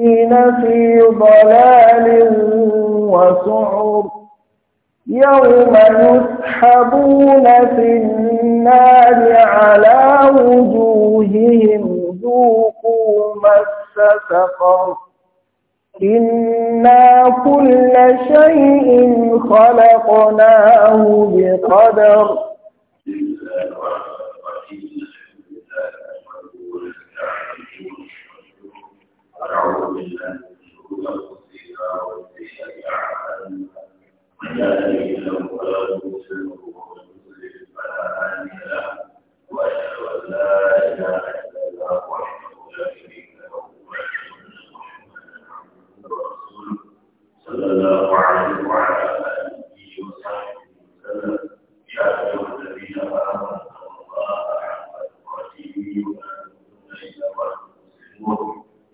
الظالمين في ضلال وسعر يوم يسحبون في النار على وجوههم ذوقوا مس سقر إنا كل شيء خلقناه بقدر ونعوذ بالله من شرور انفسنا ومن سيئات اعمالنا من يهده الله فلا مضل له ومن يضلل فلا هادي له واشهد ان لا اله الا الله وحده لا شريك له واشهد ان محمدا عبده ورسوله صلى الله عليه وعلى اله وصحبه وسلم يا ايها الذين امنوا اتقوا الله حق تقاته ولا تموتن الا وانتم مسلمون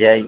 yayi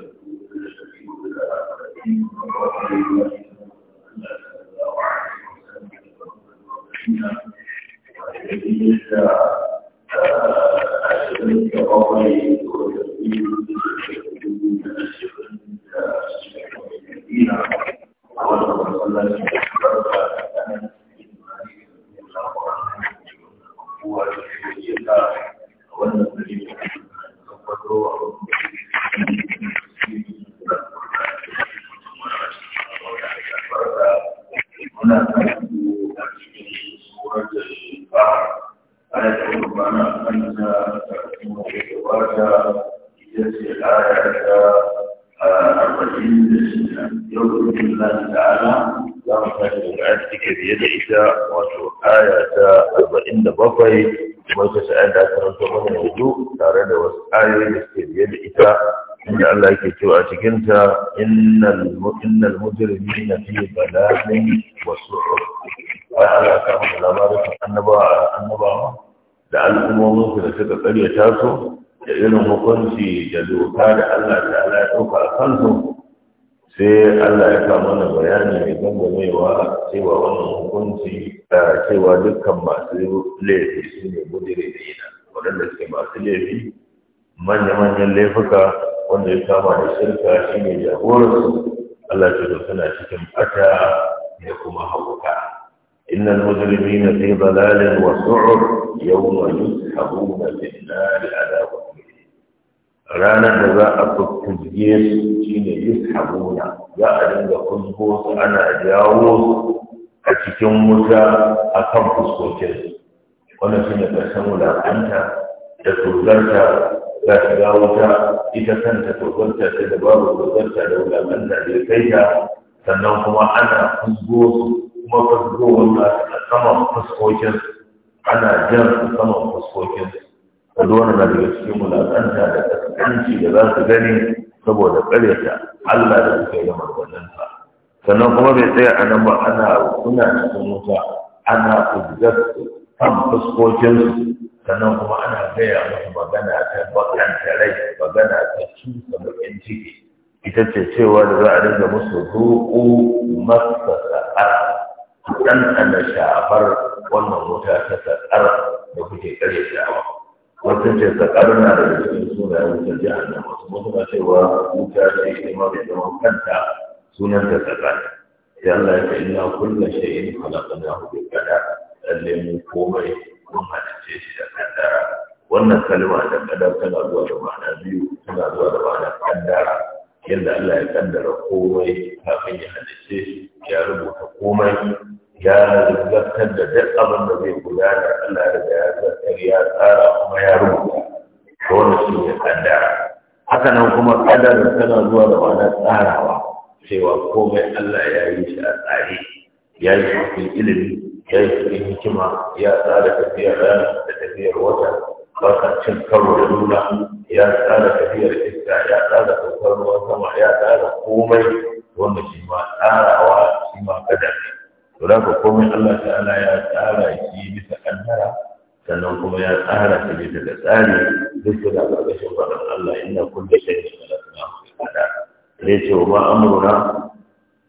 المجرمين في ضلال وسعر وعلى كامل الأمارة النبوة النبوة da al'ummominsu da suka karyata su da irin hukunci da doka da Allah ala ya ɗauka a kansu sai Allah ya kama na bayani mai gangamewa cewa wannan hukunci a cewa dukkan masu laifi su ne da yana waɗanda suke masu laifi manya-manyan laifuka wanda ya kama da shirka shi ne jagorarsu Allah ce da suna cikin ɓata da kuma hauka innal mujrimina fi dalalin wa su'ur yawma yushabuna fil nar ala ranar da za a kuskuje su shine yushabuna za a dinga kusko su ana jawo a cikin wuta akan fuskokin wannan shine karshen wulakanta da tuzarta za ta wuta ita kanta tsotsarta ta da babu tsotsarta da wulakanta da ya kai ta sannan kuma ana fusgo su kuma wanda a saman fuskokin ana jan a saman fuskokin su na daga cikin wulakanta da kaskanci da za su gani saboda karyata Allah da suka yi magananta sannan kuma bai tsaya a nan ba ana suna cikin wuta ana fusgar su kan fuskokin sannan kuma ana gaya masa magana ta bakanta rai magana ta cuta bakin ciki ita ce cewa da za a dinga musu roƙo masa sa'ar ɗanɗana shafar wannan wuta ta sa'ar da kuke ƙarya sha'awa wata ce sa'ar na da cikin suna wutar jihar nan wasu mutum cewa wuta ce ita ma mai zaman kanta sunan ta sa'ar sai Allah ya ce ina kulla shay'in khalaqnahu bi qadar lalle mu komai mun halicce shi da kaddara wannan kalma da kadar tana zuwa da ma'ana biyu tana zuwa da ma'ana kaddara yadda Allah ya kaddara komai kafin ya shi ya rubuta komai ya zartar da duk abin da zai gudana Allah da ya zartar ya tsara kuma ya rubuta wannan shi ne kaddara haka nan kuma kaddara tana zuwa da ma'ana tsarawa cewa komai Allah ya yi shi a tsari ya yi shi cikin ilimi ya yi cikin hikima ya tsara tafiyar rana da tafiyar wata ba cin karo da nuna ya tsara tafiyar iska ya tsara saukar ruwan sama ya tsara komai wanda shi ma tsarawa shi ma kada ne to da ka komai Allah ta'ala ya tsara shi bisa kaddara sannan kuma ya tsara shi bisa da tsari duk da ƙarƙashin faɗin Allah inna kulle shay'in khalaqnahu bi qadar ce wa ma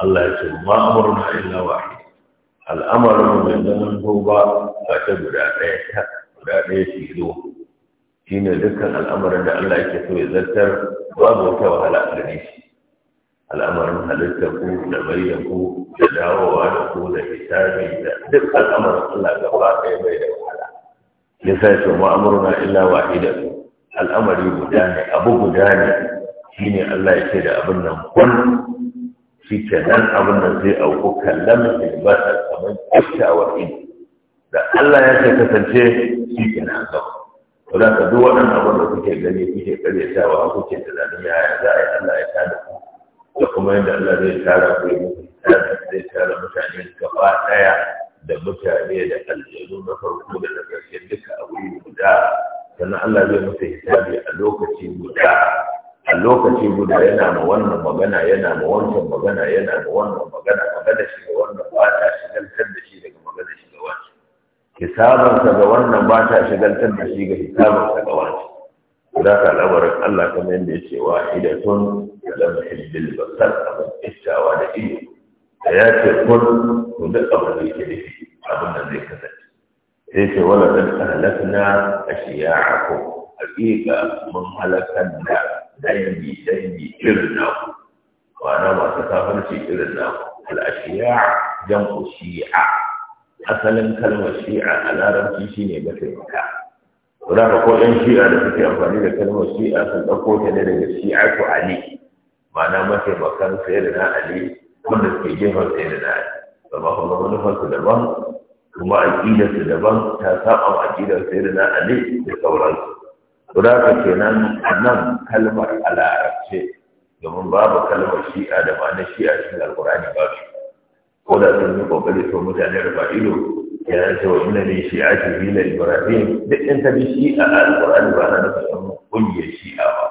Allah ya ce ma amurna illa wahid al'amarin mai zaman duba ba ta guda ɗaya ta guda ɗaya tilo shi ne dukkan al'amarin da Allah yake so ya zartar babu wata wahala a gare shi al'amarin halitta ku da bayyana ku da dawowa da ku da hisabi da duk al'amarin Allah gaba ɗaya bai da wahala ya sa ce ma'amurna illa wahida al'amari guda ne abu guda ne Shi ne Allah ya ce da abin nan kun shi ke nan abin da zai auku kallon ilbatar kamar kyakkyawar ido da Allah ya ce kasance shi ke nan gaba to ka duk waɗannan abin da kuke gani kuke karyatawa kuke tunanin yaya za a yi Allah ya tada ku da kuma yadda Allah zai tara ku ya muku zai tara mutane gaba ɗaya da mutane da aljanu na farko da na ƙarshe duka a wuri guda sannan Allah zai musu hisabi a lokaci guda a lokaci guda yana ma wannan magana yana ma wancan magana yana ma wannan magana magana shi ga wannan ba ta shigaltar da shi daga magana shi ga wancan sa ga wannan ba ta shigaltar da shi ga hisabansa ga wancan da ka labarin Allah kamar yadda ya ce wa idatun da lamar hibbil basar abin istawa da ido. da ya ce kun to duk abin da yake nufi abin da zai kasance sai ce wala dan ahlakna ashiya'a ko hakika mun halakar da dangi dangi irin naku ma'ana masu kafarci irin naku al'ashiya ku shi'a asalin kalmar shi'a a larabci shine mataimaka Kuna da ko yan shi'a da suke amfani da kalmar shi'a sun ɗauko ta ne daga shi'a ko ali ma'ana sai sayar na ali wanda suke gefen sayar na ali amma kuma manufarsu daban kuma aƙidarsu daban ta saba aƙidar sayar na ali da sauransu ka kenan a nan kalmar a larabce domin babu kalmar shi'a da ma'anar shi'a cikin alkurani ba su. Ko da sun yi kokari to mutane da ba ido ya ce wa ina ne shi'a ce hila Ibrahim duk in ka bi shi'a a alkurani ba na nufin yan kungiyar shi'a ba.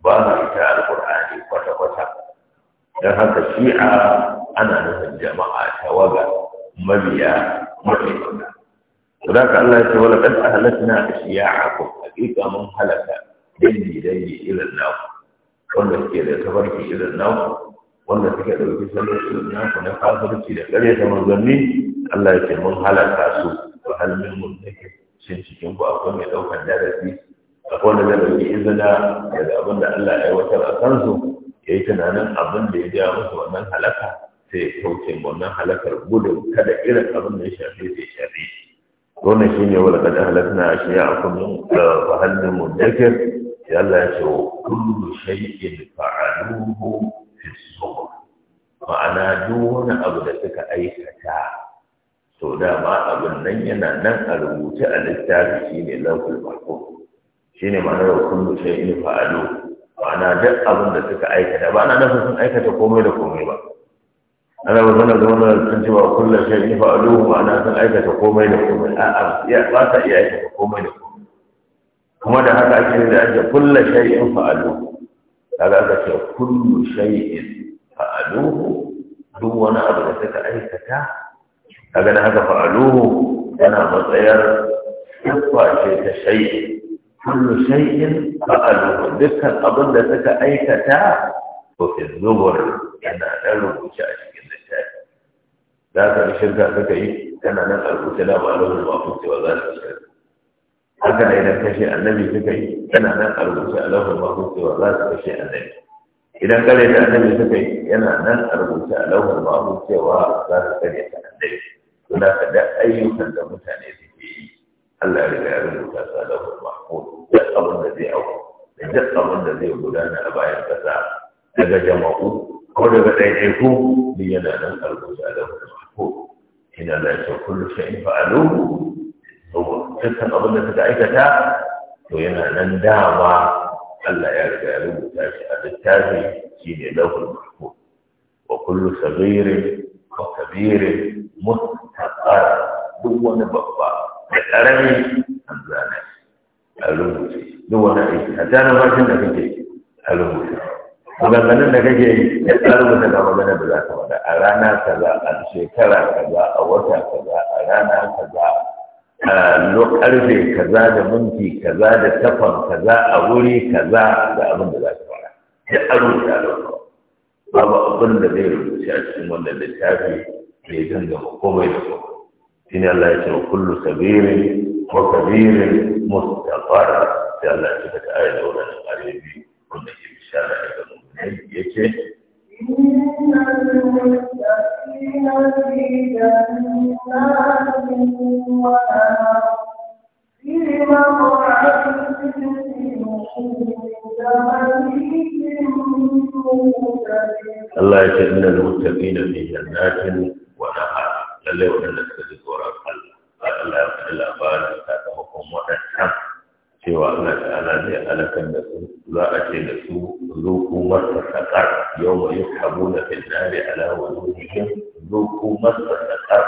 Ba na ita alkurani kwata-kwata. Don haka shi'a ana nufin jama'a tawaga mabiya mafi Wadda ka Allah ya ce wala kad ahlakna a hakika mun halaka dangi dangi irin ku. wanda suke da tabarki irin ku, wanda suke wuce sallar irin naku na kafirci da ƙarya ta manzanni Allah ya ce mun halaka su Ba hal mun nake shin cikin ku akwai mai ɗaukan darasi akwai wanda zai ɗauki izina daga abin da Allah ya aiwatar a kansu ya yi tunanin abin da ya ja musu wannan halaka sai ya kauce wannan halakar gudun kada irin abin da ya shafe sai shafe shi wannan shi ne wala kada halakna a shi ya akwai da hannun mu dakir ya Allah ya ce wa kullu shay'in fa'aluhu fi suwa ma'ana duk wani abu da suka aikata to ma abin nan yana nan a rubuce a littafi shi ne lafil mahfuz shi ne ma'ana da kullu shay'in fa'aluhu ma'ana duk abin da suka aikata ba ana nufin sun aikata komai da komai ba ana magana da wannan sun ce ba kullum shi ne fa'aluhu ana sun aikata komai da komai a'a ya ba ta iya aikata komai da komai kuma da haka ake da ake kullum shi in fa'aluhu kaga aka ce kullu shay'in fa'aluhu duk wani abu da suka aikata kaga da haka duhu, yana matsayar siffa ce ta shan shan kullu shay'in duhu, dukkan abin da suka aikata to fi zubur yana dan rubuce a shi. za ka yi shirka suka yi tana nan a rubuce da ba launin cewa za su shirka haka ne idan kashe annabi suka yi tana nan a rubuce a launin cewa za su kashe annabi idan kare da annabi suka yi yana nan a rubuce a launin cewa za su kare ta annabi suna kada ayyukan da mutane suke yi Allah ya riga ya rubuta su a ba mafi duk abin da zai auku da duk abin da zai gudana a bayan kasa daga jama'u ko daga ɗaiɗaiku ni yana nan a a launin إن الله يسوى كل شيء فعلوه هو تسمى أظن تدعيكتا وينا نندعوا ألا يرجع له تاشئة بالتالي سين له المحكوم وكل صغير وكبير مستقر دون بابا بكرمي أنزانه ألوه دون أي هذا ما كنا في ألوه maganganun da kake yi ya tsarmu daga magana da za ka wada, a rana kaza a shekara kaza a wata kaza a rana kaza a lokarfe kaza da minti kaza da tafan kaza a wuri kaza da abin da za ka wada ya tsarmu da alaƙa babu abin da zai rubuce a cikin wanda wannan tafi mai da komai da komai shine Allah ya ce wa kullu sabiri wa sabiri mustaqar sai Allah ya ce ta ayar da wannan arebi wanda ke bishara yake Allah ya ce ina da mutafi da fi jannatin wa lallai waɗanda suka ji tsoron Allah Allah ya faɗi labarin sakamakon waɗannan cewa Allah ta'ala zai alakar da su za a ce da su zo kuma ta yau ma yi habu na finnari ala wani jikin zo kuma ta sakar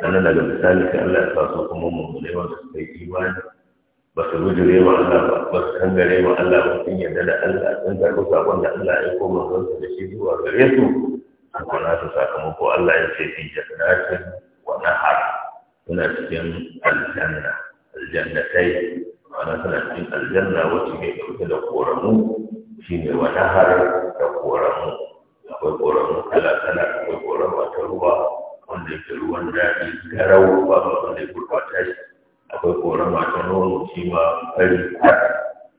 sannan daga misali ka Allah ya su kuma mummunai wanda suka imani ba su bujure wa Allah ba ba su kangare wa Allah ba sun yarda da Allah sun karɓi sakon da Allah ya koma manzansa da shi zuwa gare su kuma su sakamako Allah ya ce fi jannatin wa nahar suna cikin aljanna aljannatai ma'ana suna cikin aljanna wacce ke ɗauke da ƙoramu shi ne wani har da ƙoramu akwai ƙoramu kala-kala akwai a ta ruwa wanda yake ruwan daɗi garau ba ba wanda ya gurɓata shi akwai a ta nono shi ma fari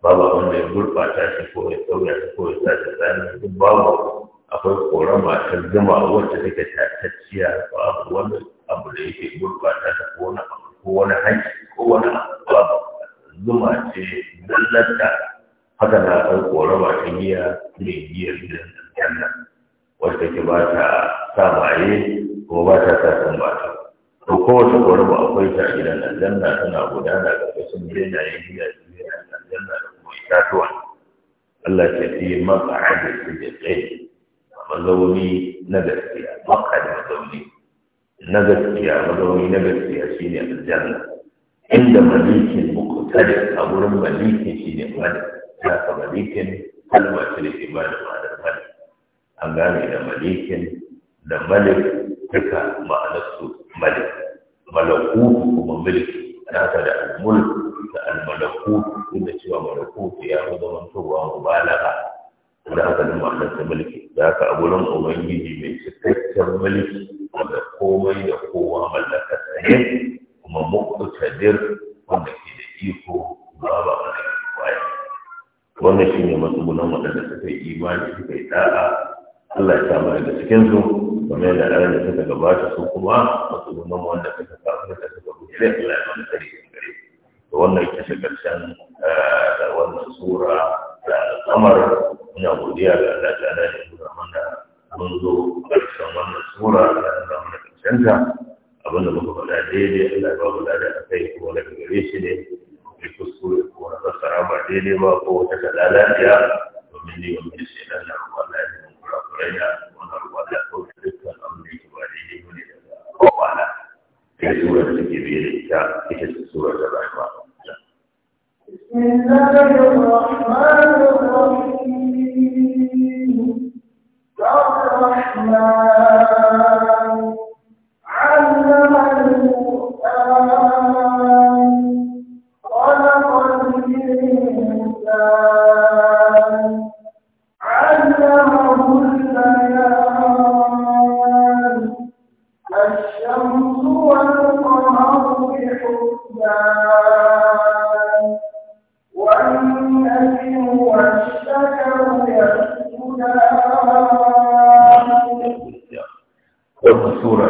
ba ba wanda ya gurɓata shi ko ya sauya shi ko ya sa shi tsanin duk babu akwai a ta zuma wacce take tatacciya ba wani abu da yake gurɓata shi ko wani abu ko wani hanci ko wani abu zuma ce lallata haka na ɗan korama ta giya mai giyar gidan nan, wata ke ba ta sa baye ko ba ta sa san ba ta ko kowace korama akwai ta gidan aljanna tana gudana ga kasan benayen giya gidan aljanna da kuma itatuwa Allah ke fi maka hajji su da tsaye mazauni na gaskiya maka da mazauni na gaskiya mazauni na gaskiya shine aljanna inda malikin mukutari a wurin malikin shi ne mali za ka malikin kalma shi ne imani da mali an gane da malikin da malik duka ma'anarsu malik malakutu kuma mulki nasa da almulk da almalakutu inda cewa malakutu ya fi zamantowa mubalaga da asalin ma'anarsa mulki da haka a wurin ubangiji mai cikakken mulki wanda komai da kowa mallakarsa ne kuma muqtadir wanda ke da iko babu a da kwaya wannan ne matsugunan waɗanda suka yi imani suka yi da'a Allah ya samu daga cikin su kamar da ranar da suka gabata su kuma matsugunan wanda suka kafin da suka bujere Allah ya samu mana da gare da wannan ita ce karshen eh, wannan sura da al'amar ina godiya ga Allah ta da ya nuna mana mun zo karshen wannan sura da ya nuna mana karshen ta abin da muka faɗa daidai Allah ba mu lada a kai kuma daga gare shi ne mai kuskure ko wani fassara ba daidai ba ko wata ta lalaciya domin ni wani da shi ɗan nan wanda ya nemi kurakurai ya wani ruwa da ɗauki dukkan abin da yake ba daidai ba ne daga kowana kai sura da take biye da ita ita ce sura da rayuwa. بسم الله الرحمن الرحيم الرحمن جهنم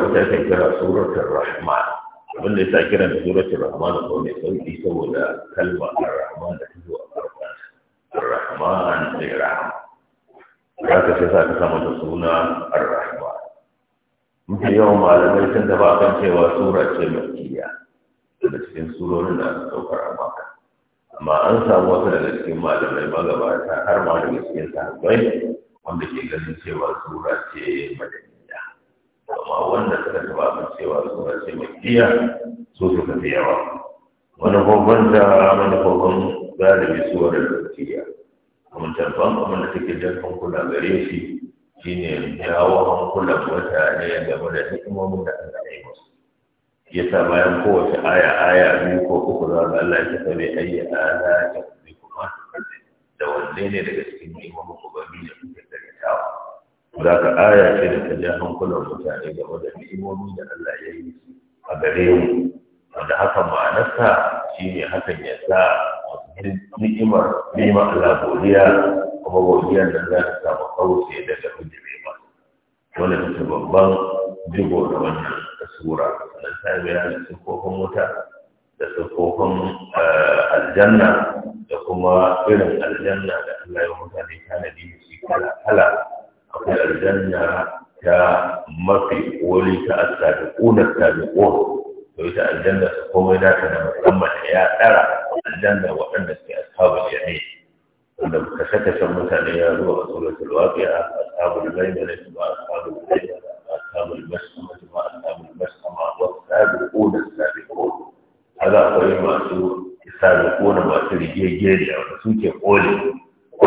surar da kira suratul rahman abin da yasa kiran da suratul rahman ko mai sauki saboda kalma ar-rahman da ta zo a farkon ar-rahman sai rahama sai sa ka samu da suna ar-rahman yawan malamai sun taba kan cewa sura ce makkiya daga cikin surorin da aka saukar a maka amma an samu wasu daga cikin malamai magabata har ma daga cikin sahabbai wanda ke ganin cewa sura ce madani amma wanda suka taba amincewa suka ce makiya su suka fi yawa manufofin wani hukun galibi su wadda da kiya kuma tabban kuma da take jan kula gare shi shine jawo hankulan mutane game da ni'imomin da Allah ya yi musu yasa bayan kowace aya aya biyu ko uku za ga Allah ya tafi ayya ala ta kuma da wanne ne daga cikin ni'imomin ubangiji da kuke karantawa za ka aya ce da ta ja hankulan mutane game da ni'imomi da Allah ya yi a gare mu wanda haka ma'anarsa shi ne hakan ya sa ni'imar neman Allah godiya kuma godiya da za ta samu kauce daga hujjabe ba wanda ta ce babban jigo da wannan sura sannan ta yi bayanin siffofin wuta da siffofin eh, aljanna da kuma irin aljanna da Allah ya mutane tanadi da shi kala kala Akwai aljanna ta mafi koli ta asabiquna sabiqun to ita aljanna ta komai da ta na musamman ya tsara aljanna waɗanda suke ashabul yamin wanda saka kashen mutane ya zuwa a suratul waqi'a ashabul maimuna ba ashabul maimuna أصحاب المسأمة وأصحاب المسأمة والسابقون السابقون هذا أقول ما سوء السابقون ما سوء جيجيري أو سوء biya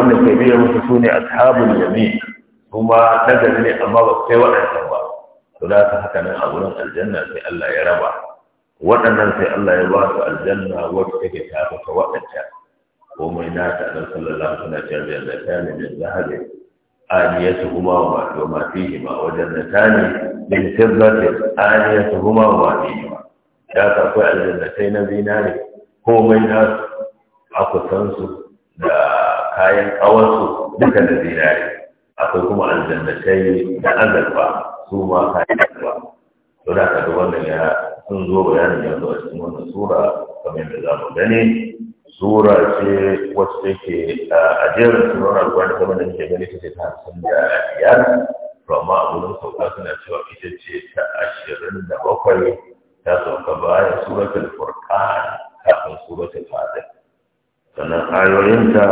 musu كبير مسسوني أصحاب اليمين kuma nagari ne amma ba kai waɗancan ba to da haka haka nan a wurin aljanna sai Allah ya raba waɗannan sai Allah ya ba su aljanna wacce take tafi ta waɗanta komai na ta nan sallallahu alaihi wasallam ya da ne da zahabi aliyatu huma wa ma ma fihi ma wajen tani min sirrati aliyatu huma wa ma fihi ma da kai aljanna sai na zinare komai na aku san su da kayan kawansu duka da zinare akwai kuma aljannatai da azalfa su ma kayan azalfa to da kaga wannan ya sun zo bayanin yanzu a cikin wannan sura kamar da za mu gani sura ce wacce take a jerin surar wani kamar da muke gani take ta hamsin da biyar to amma a wurin sauka suna cewa ita ce ta ashirin da bakwai ta sauka bayan suratul furqan kafin suratul fatir sannan ayoyinta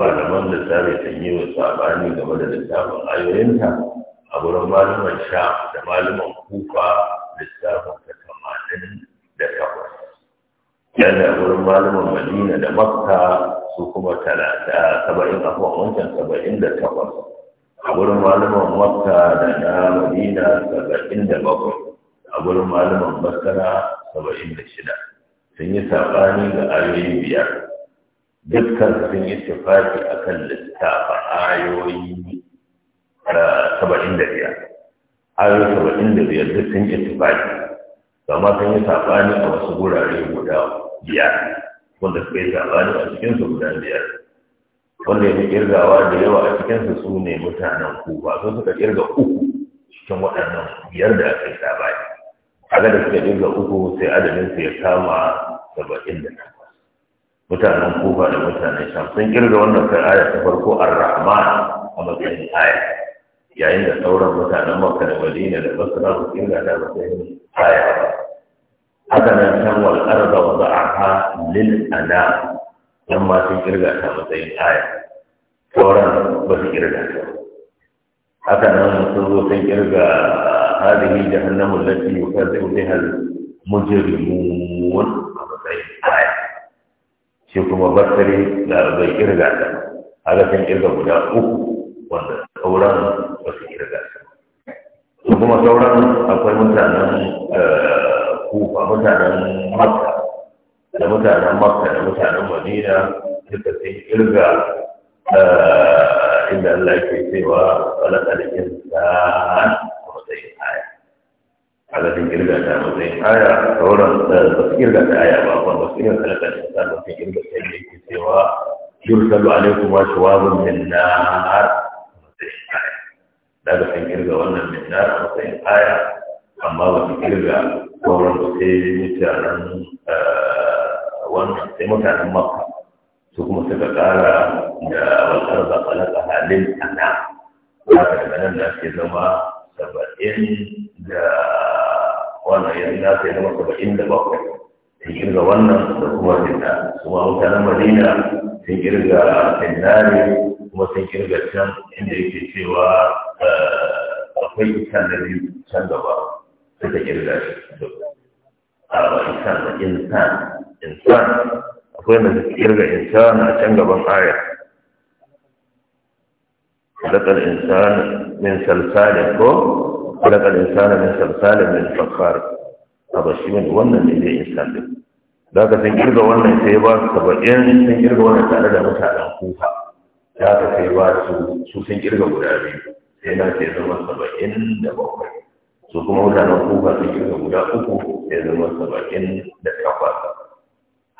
malaman littafin kan yi wa sabani game da littafin ayoyinta a wurin malaman sha da malaman kufa littafin ta tamanin da takwas yana wurin malaman madina da makka su kuma talata saba'in akwai wancan saba'in da takwas a wurin malaman makka da na madina saba'in da bakwai a wurin malaman makka saba'in da shida sun yi sabani ga ayoyi biyar dukkan sun yi tufafi a kan littafa ayoyi eh, saba'in da biyar ayoyi saba'in da biyar duk sun yi tufafi kama sun yi saɓani a wasu gurare guda biyar wanda suka yi saɓani a cikinsu guda biyar wanda ya fi kirgawa da yawa a cikinsu su ne mutanen kuba sun suka kirga uku cikin waɗannan biyar da aka yi saɓani a da suka kirga uku sai adadinsu ya kama saba'in da takwas mutanen kufa da mutanen sham sun kirga wannan kai aya ta farko ar-rahman a matsayin aya yayin da sauran mutanen makka da madina da basra su kirga ta matsayin aya ba haka nan can wal arda wa za'aha lil ana nan ma sun kirga ta matsayin aya sauran ba su kirga ta haka nan sun zo sun kirga hadihi jahannamu allati yukazzibu biha al-mujrimun a matsayin aya shi kuma basari da bai kirga ta haka sun kirga guda uku wanda sauran ba su kirga ta su kuma sauran akwai mutanen eh, kufa mutanen makka da mutanen makka da mutanen madina duka sai kirga eh, inda Allah ke cewa walakalin insa a matsayin aya kaga sun kirga ta matsayin aya sauran eh, ba su kirga ta aya ba kuma ba su kirga ta kan insan ba su kirga ta ne ke cewa yursalu alaikum wa shawabun min nar matsayin aya daga sun kirga wannan min nar matsayin aya amma ba su kirga sauran ba sai mutanen eh, wannan sai mutanen makka su kuma suka kara da walƙar da falaka halin ana haka daga nan da ake zama saba'in da wannan yanzu na sai masa ba'in da bakwai sun kirga wannan da kuma sinna kuma mutanen madina sun kirga sinna ne kuma sun kirga can inda yake cewa eh, akwai isan da biyu can gaba suka kirga shi a isan da insan insan akwai da suka kirga insan a can gaban ayar خلق الإنسان من سلسال ko. خلق الإنسان من صلصال من الفخار هذا شيء من وانا إنسان له ذاك تنكر وانا سيبا سبعين تنكر وانا تعالى مثلا كوفا ذاك سيبا سو تنكر وانا بيه sai na ce zama saba'in da bakwai su kuma mutanen kuka sun kirga guda uku sai zama saba'in da takwas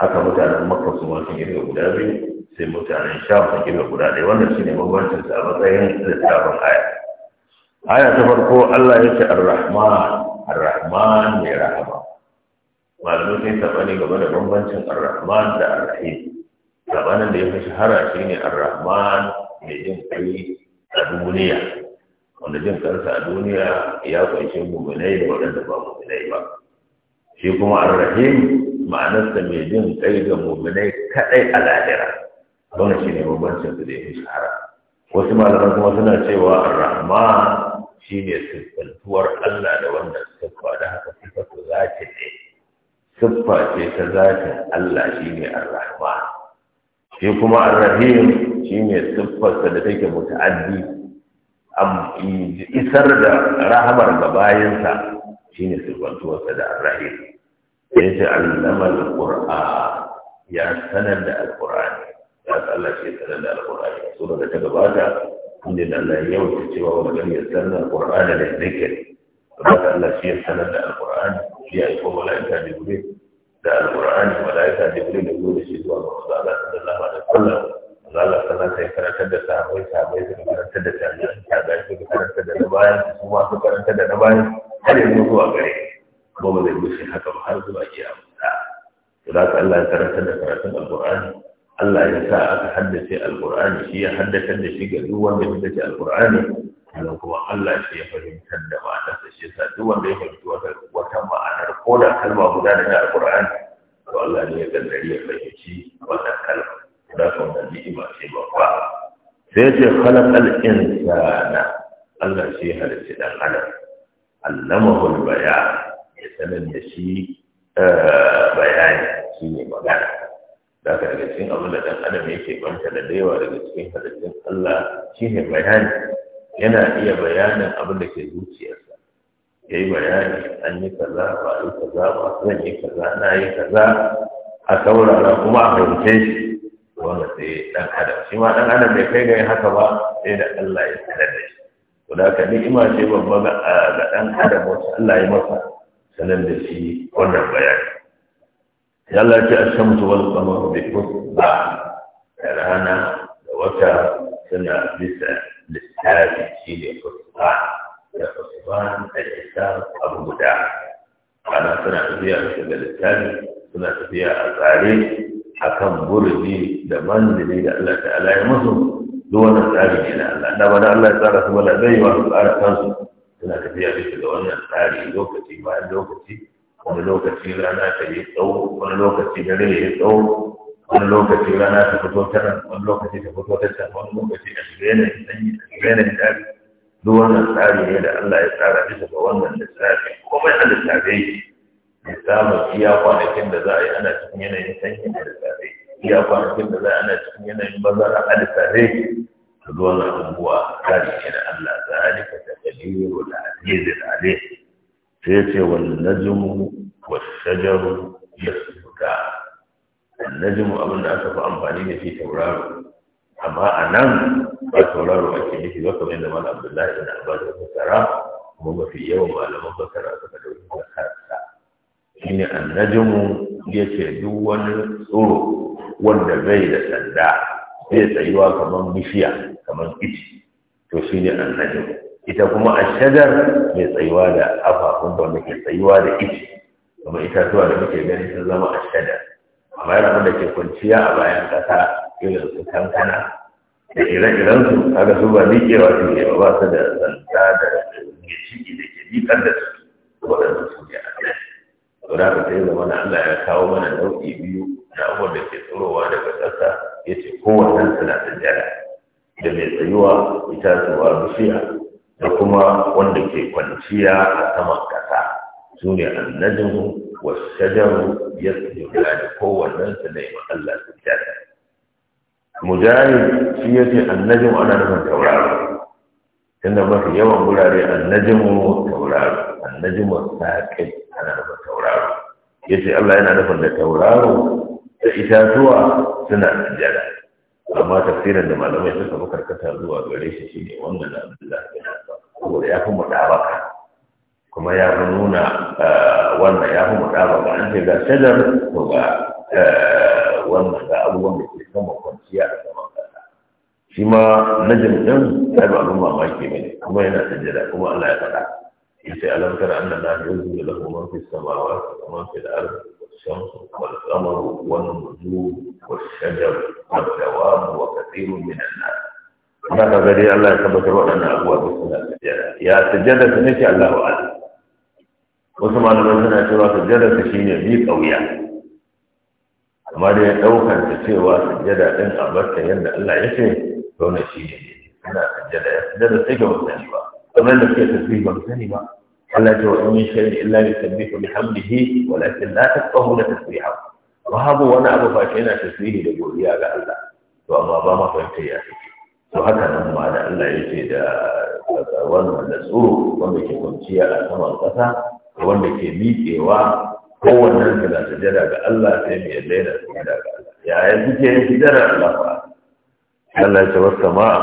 haka mutanen makka su ma sun kirga guda biyu sai mutanen sha sun kirga guda ɗaya wannan ne bambancin sa a matsayin littafin aya aya ta farko Allah ya ce ar-rahman ar-rahman mai rahama malamai sai saba ne game da bambancin ar-rahman da ar-rahim da ya fi shahara shine ar-rahman mai jin kai a duniya wanda jin karsa a duniya ya kunshi muminai da waɗanda ba muminai ba shi kuma ar-rahim ma'anarsa mai jin kai ga muminai kaɗai a lahira wannan shine bambancin da ya fi shahara wasu malaman kuma suna cewa ar-rahman shi ne siffantuwar Allah da wannan siffa da haka siffatu zati ne siffa ce ta zakin Allah shi ne ar-rahman shi kuma rahim shi ne siffarsa da take muta'addi isar da rahamar ga bayansa shi ne siffantuwarsa da ar-rahim ya ce allama al ya sanar da al-qur'ani ya Allah shi sanar da al-qur'ani sura da ta gabata inda da Allah ya wuce cewa wa lam yasanna alqur'ana lil ba saboda Allah shi ya sanar da alqur'ani shi ya ko malaika jibril da alqur'ani malaika jibril da gure shi zuwa ga Allah sallallahu alaihi wasallam Allah sallallahu alaihi karanta da sahabbai sahabbai da karantar da da tabi'in suka karanta da na bayan su karanta karantar da na har yanzu zuwa gare kuma ba zai gushe haka ba har zuwa kiyama to da Allah ya karantar da karatun alqur'ani Allah ya sa aka haddace alkur'ani shi ya haddace da shi ga duk wanda ya haddace alkur'ani sannan kuma Allah shi ya fahimtar da da shi yasa duk wanda ya fahimci wata ma'anar ko da kalma guda daga alkur'ani to Allah ne ya gandari ya fahimci wannan kalma da kuma ni'ima ce babba sai ya ce khalaqal insana Allah shi ya halicci dan adam allamahu al-bayan ya sanar da shi eh, bayani ne magana da ka daga cikin abin da ɗan adam yake banta da dayawa daga cikin halittun Allah shi ne bayani yana iya bayanin abin da ke zuciyarsa ya yi bayani an yi kaza ba yi kaza ba zan yi kaza na yi kaza a saurara kuma a fahimce shi wanda sai ɗan adam shi ma ɗan adam bai kai ga haka ba sai da Allah ya sanar da shi ko da ka ni'ima ce babba ga ɗan adam wacce Allah ya masa sanar da shi wannan bayani ya Allah ce ashamsu wal qamaru ba da rana da wata suna bisa littafi shi ne husba da husban da hisab abu guda ana suna tafiya bisa ga littafi, suna tafiya a tsare kan gurbi da manzili da Allah ta'ala ya musu duk wannan tsari ne na Allah da wani Allah ya tsara su wala zai yi wasu tsara kansu suna tafiya bisa ga wannan tsari lokaci bayan lokaci wani lokaci rana ta yi tsawo wani lokaci dare ya yi tsawo wani lokaci rana ta fito ta nan wani lokaci ta fito ta can wani lokaci a shiga yanayin sanyi a shiga yanayin tsari duk wannan tsari ne da Allah ya tsara bisa ga wannan lissafi komai a lissafe ne ya samu iya kwanakin da za a yi ana cikin yanayin sanyi a lissafe iya kwanakin da za a ana cikin yanayin bazara a lissafe duk wannan abubuwa tsari ne da Allah zalika taqdirul azizul alim sai ce wal najmu was shajaru yasbuka najmu abin da aka fi amfani da shi tauraro amma a nan ba tauraro ake nufi ba kamar yadda mal abdullahi ibn abbas ya fasara kuma mafi yawan malaman fasara suka dauki da harsa ne najmu yace duk wani tsoro wanda bai da sanda zai tsayuwa kamar bishiya kamar iti? to shine ne najmu ita kuma a shagar mai tsayuwa da afafun da wanda tsayuwa da ice kuma itatuwa da muke gani sun zama a ashajar amma yana wanda ke kwanciya a bayan kasa irin su kankana da ire-iren su kaga su ba su ne ba su da zanta da gishiki da ke miƙar da su waɗanda su ne a kai to da ka sai zama na Allah ya kawo mana nau'i biyu da abubuwan da ke tsirowa daga ƙasa ya ce kowannen suna da jara da mai tsayuwa itatuwa bishiya da kuma wanda ke kwanciya a saman kasa su ne annajin wasu shajaru ya su da kowannen su ne ma Allah su jada mujahid shi ya ce annajin ana nufin tauraro tunda mafi yawan wurare annajin tauraro annajin saƙin ana nufin tauraro ya ce Allah yana nufin da tauraro da itatuwa suna sujada amma tafsirin da malamai suka fi karkata zuwa gare shi shine wannan Abdullahi na Abbas saboda ya fi mutabaka kuma ya fi nuna eh, wannan ya fi mutabaka an ce ga shajar to ga eh, wannan ga abubuwan da ke sama kwanciya a saman kasa shi ma najin din ya ba abin mamaki ne kuma yana sajjada kuma Allah ya faɗa yace alam tara anna la yuzu man fi man fi ba ka gari Allah ya tabbatar waɗannan abubuwa da suna ya sujjada su nake Allahu a'lam wasu malaman suna cewa sujjada su shine bi kauya amma da ya ɗaukar ta cewa sujjada ɗin a barka yadda Allah ya ce to ne shi ne ana sujjada ya sujjada sai ga mutane ba kamar da suke tasbih ba sani ba Allah ce wa in min shay'in illa yusabbihu bihamdihi walakin la tafqahuna tasbihahu babu wani abu fa yana tasbihi da godiya ga Allah to amma ba ma fahimta ya ce to haka nan ma da Allah ya ce da wannan da tsoro wanda ke kwanciya a saman ƙasa wanda ke miƙewa kowanne da na sujada ga Allah sai mai yadda yana sujada ga Allah yi suke yin sujada Allah ba Allah ya ce wasu sama'a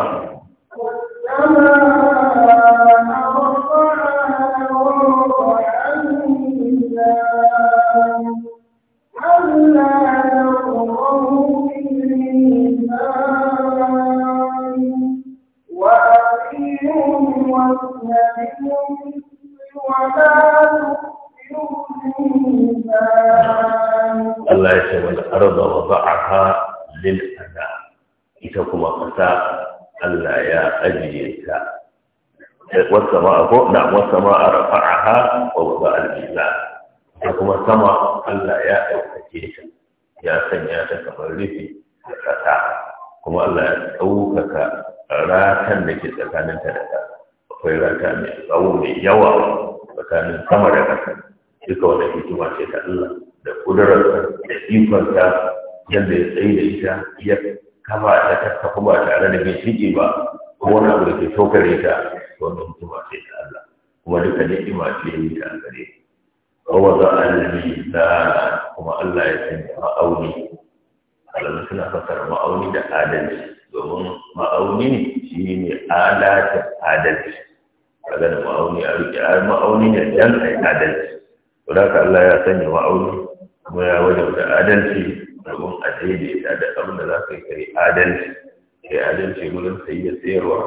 Allah ya ce wani arba wa ba'aha lil ada ita kuma kasa Allah ya ajiye ta eh, wasa ma ko da wasa ma rafa'aha wa wada al mizan da kuma sama Allah ya ɗaukake ta ya sanya ta kamar rufi da kasa kuma Allah ya ɗaukaka ratan da ke tsakaninta da ta akwai rata mai tsawo mai yawa tsakanin sama da kasa duka wani hikima ce ta Allah da kudurarsa da don yadda ya tsaye da ita ya kafa ta kakkafa ba tare da bincike ba ko wani abu da ke tokare ta wani hikima ce ta Allah kuma duka ima ce ya yi ta gare wa za a lalli da kuma Allah ya san ma'auni alamu suna fasara ma'auni da adalci domin ma'auni shi ne adalci kaga da ma'auni a riƙe ma'auni ne dan ai adalci ya sanya يا kuma ya ويا وجب adalci domin a daidaita da abin da za ka yi kai adalci kai adalci wurin sayi tsayarwa,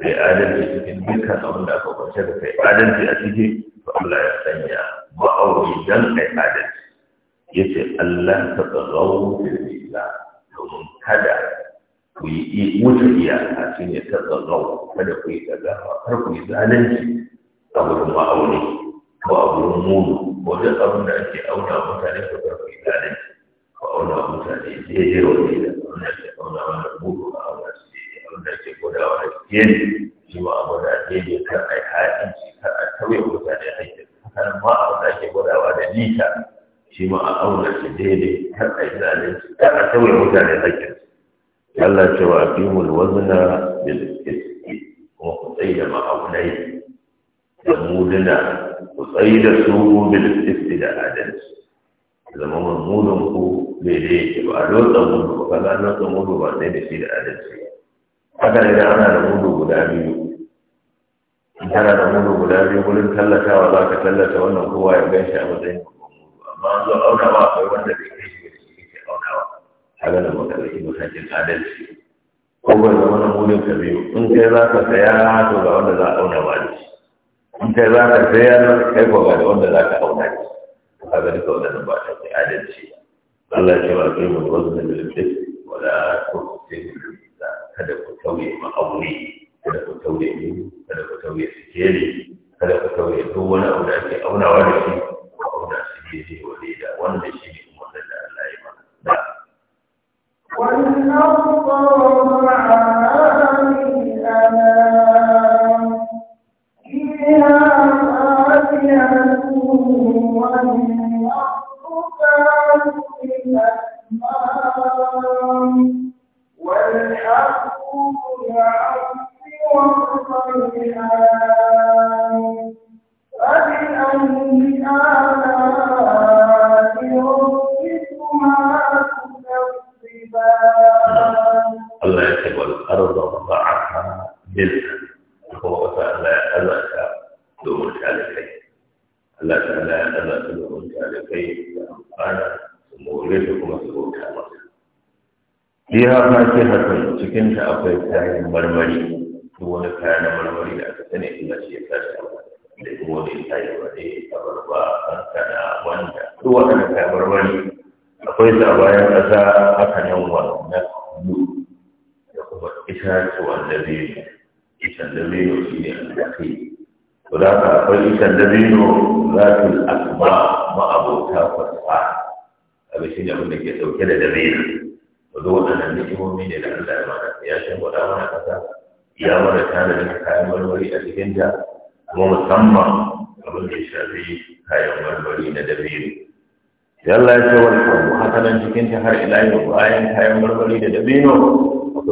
sayarwa kai adalci cikin dukkan abin da aka kwance da kai adalci a cikin. to Allah ya sanya ma'auri dan kai adalci ya ce Allah ta tsarau firmila domin kada ku yi wuce iyaka shi ne ta tsarau kada ku yi tsagawa kar ku yi zalunci a wurin ma'auni ko a gurin mudu ko duk abin da ake auna mutane ko karfi lalai ko auna mutane daidai wa ne da wanda ke auna wanda mudu a auna su daidai wanda ke gudawa da daidai shi ma a gwada daidai kar a yi haɗinci kar a tauye mutane haƙƙin kar ma a ke ake gudawa da nita shi ma a auna shi daidai kar a yi zalunci kar a tauye mutane haƙƙin Allah cewa a fi mulwazna bil iski kuma ku tsaye da ma'aunai da muduna ku tsayi da su bil isti da adalci zama mummunan ku bai da yake ba a lotsa mudu ba kaga lotsa mudu ba sai da shi da adalci haka ne da ana da mudu guda biyu ana da mudu guda biyu wurin tallatawa za ka tallata wannan kowa ya gan shi a matsayin mudu amma an zo aunawa akwai wanda bai kai shi da shi yake aunawa haka da makalaki matakin adalci ko bai zama na mudun ka biyu in kai za ka saya to ga wanda za a auna ba da shi in kai za ka sayar kai ko ga da wanda za ka auna ki ka ga duka wannan ba ta adalci Allah ya ce wa kai mu wazna bil qist wala ce kada ku tauye aure kada ku tauye kada ku tauye sikeli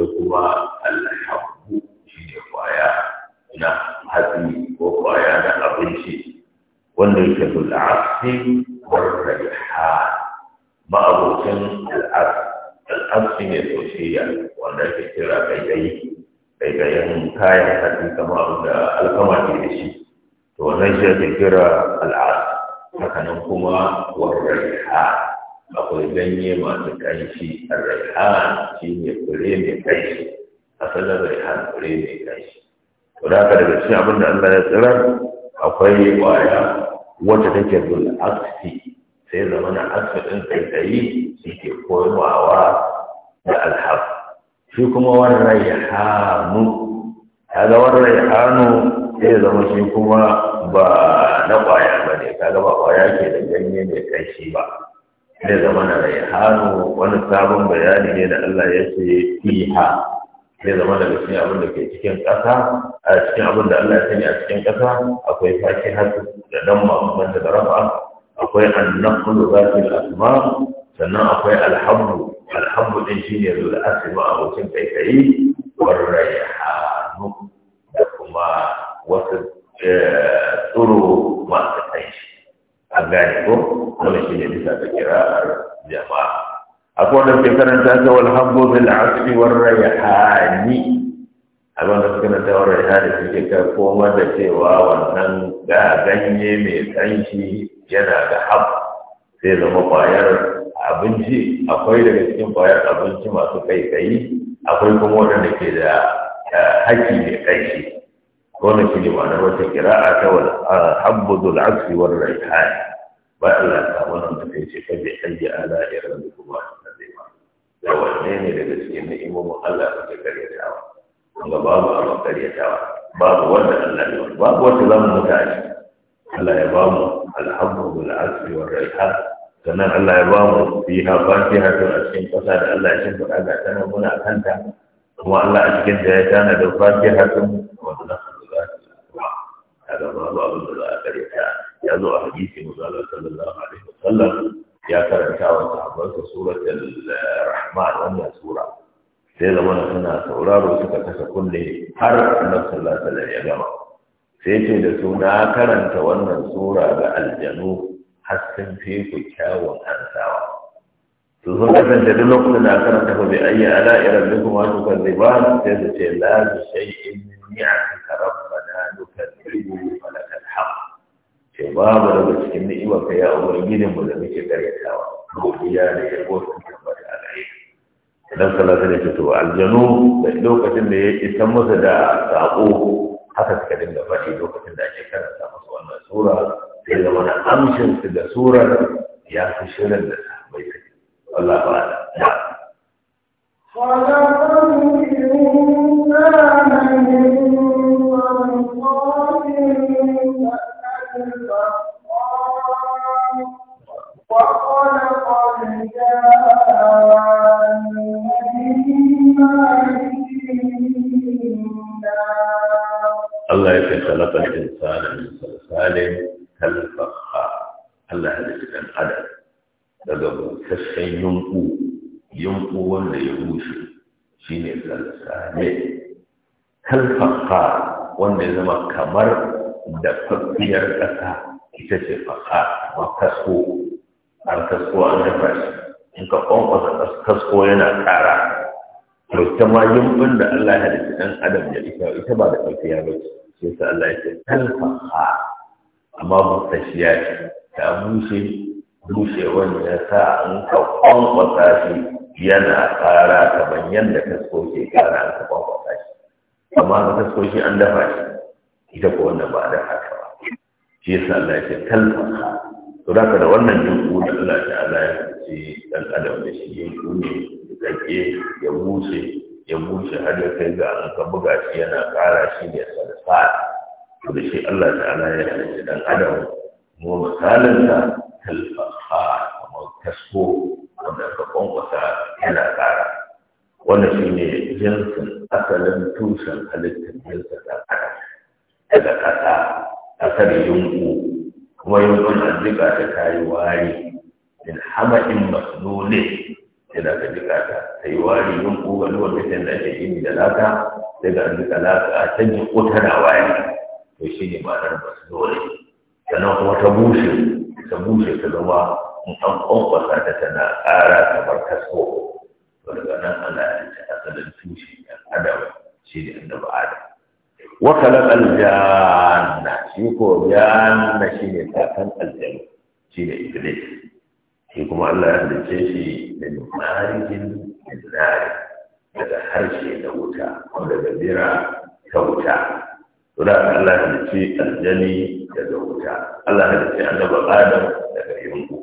akwai kuma Allah ya alhaku shi ne kwaya na hatsi ko kwaya na abinci wanda yake bul'asin warra ya ha ma'abokin al'as al'as shi ne soshiya wanda ke kira gaigayi gaigayen kayan hatsi kama da alkama ke da shi to wannan shi ake kira al'as hakanan kuma warra ya ha akwai ganye masu ƙarfi a raihan shi ne fure mai a asalin raihan kure mai ƙarfi to da haka daga cikin abin da Allah ya tsirar akwai ƙwaya wacce take bil asibiti, sai zama na asibitin ƙaiƙayi shi ke koyarwa da alhaf shi kuma wani raihanu ga wani raihanu sai zama shi kuma ba na ƙwaya ba ne ga ba ƙwaya ke da ganye mai ƙarfi ba zai zama na raihanu wani sabon bayani ne da Allah ya ce fiha zai zama da cikin abin da ke cikin ƙasa a cikin abin da Allah ya sani a cikin ƙasa akwai faki hasu da dan mamanta da rafa akwai annaqlu zatil asma sannan akwai alhamdu alhamdu din shine zuwa asma a wucin kai kai war raihanu da kuma wasu eh, tsuro an gane ko wannan shine bisa ga kira'ar jama'a akwai wanda suke karanta ta wal habbu bil asri war rayhani akwai wanda suke karanta war rayhani suke ka koma da cewa wannan ga ganye mai kanshi yana da hab sai zama kwayar abinci akwai daga cikin kwayar abinci masu kai-kai, akwai kuma wanda ke da eh, haki mai kanshi shi ne ma'anar wata kira'a ta wal habbu bil asri war rayhani ba Allah ka wannan da kai ce kai bai aiki ala ya da kuma da zai ba da wanne ne daga cikin ni'imomin Allah da karyatawa kuma babu abin karyatawa babu wanda Allah ya babu wanda za mu zamu mutane Allah ya ba mu alhamdu wal asri wal raihan sannan Allah ya ba mu fiha fatiha to a cikin ƙasa da Allah ya shimfiɗa ga tana muna kanta kuma Allah a cikin da ya tana da fatiha to na hannu za ta ba babu abin da za a karyata ya zo a hadisi musallar sallallahu alaihi wasallam ya karanta wa sahabbansa al eh, rahman wannan sura sai zama na suna sauraro suka kasa kunne har annabi sallallahu alaihi wasallam ya gama sai ce da su na karanta wannan sura ga aljanu har sun kyawun ansawa su sun kasance duk lokacin da karanta ku bai ayya ala irin duk ma su kan zai ba sai su ce la su shai in ni a cikin fala sai babu daga cikin ni'imar ka ya ginin mu da muke karyatawa godiya da yabo sun tabbata a gare ka dan salatu ne ce to aljanu da lokacin da ya san masa da sako haka suka dinga faɗi lokacin da ake karanta masa wannan sura sai da wani amshin su da surar ya fi shirin da sahabbai kai Allah ba da na kamar da fafiyar ƙasa ita ce fasa ba kasko an kasko an dafa shi in ka kwankwasa kasko yana ƙara to ita ma yumɓin da Allah ya halitta ɗan adam da ita ita ba da fafiya ba ce sai Allah ya ce kalfaha amma ba busashiya ce ta bushe bushe wanda ya sa an ka kwankwasa shi yana ƙara kamar yadda kasko ke ƙara an ka ƙwanƙwasa shi amma ka kasko shi an dafa shi ita ko wannan ba da haka ba shi yasa Allah ya ce to da da wannan jinko da Allah ta'ala ya ce dan adam da shi yanko ne gage ya bushe ya bushe har ya kai ga an ka buga shi yana kara shi ne sarfa to da shi Allah ta'ala ya ce dan adam mu ta kalmasa kamar kasko wanda ka kwankwasa yana ƙara wannan shi jinsin asalin tushen halittar jinsin ɗan adam daga ƙasa ƙasar yunƙu kuma yunƙun an jika ta yi wari in hamadin masnulin sai da ka jika ta ta yi wari yunƙu ga lokacin da ake gini da laka sai da an jika laka can ji ta tana wari to shi ne ma'anar masnulin sannan kuma ta bushe ta bushe ta zama in an ƙwanƙwasa ta tana ƙara kamar kasko Wani ganin nan ana yanci asalin tushe ɗan adam shi ne annabi wakalar aljanna shi ko janna shine kakan aljanna ne iblis shi kuma Allah ya halice shi da marijin nari daga harshe da wuta ko daga bira ta wuta to da Allah ya halice aljani daga wuta Allah ya halice annabi Adam daga yungu